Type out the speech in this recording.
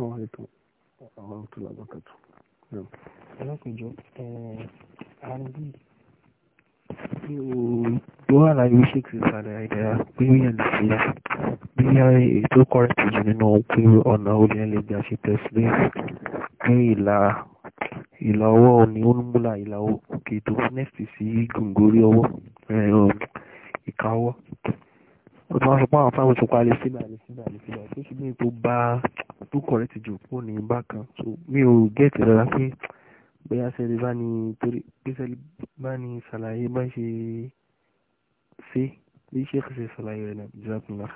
Assalamu alaikum warahmatullahi wabarakatuh. ẹlọ́pẹ̀jọ àrùbí eh, bí o wà láyé ṣèkì ìsàlẹ̀ àìdára pé ó yẹ̀ lùfìyà bí i ètò kọ́rẹ́tì jù nínú pé ọ̀nà olè ẹlẹ́ bí a ṣe tẹ̀sílẹ̀ pé ìlà ìlà ọwọ́ ni ó ń múlà ìlà òkè tó nẹ́ẹ̀sì sí gòǹgórí ọwọ́ eh, um, ìka ọwọ́ ó ti wá sọ pé àwọn fáwọn tó pa lè síbà lè síbà lè síbà tó ṣùgbọ́n tó bá tó kọ̀rẹ́ ti jù kó ní bákan so mi ò get rárá pé bóyá sẹ́lẹ̀ bá ní torí pé sẹ́lẹ̀ bá ní ṣàlàyé bá ṣe ṣe bí ṣe ṣe ṣàlàyé rẹ̀ náà jẹ́ àpùnlá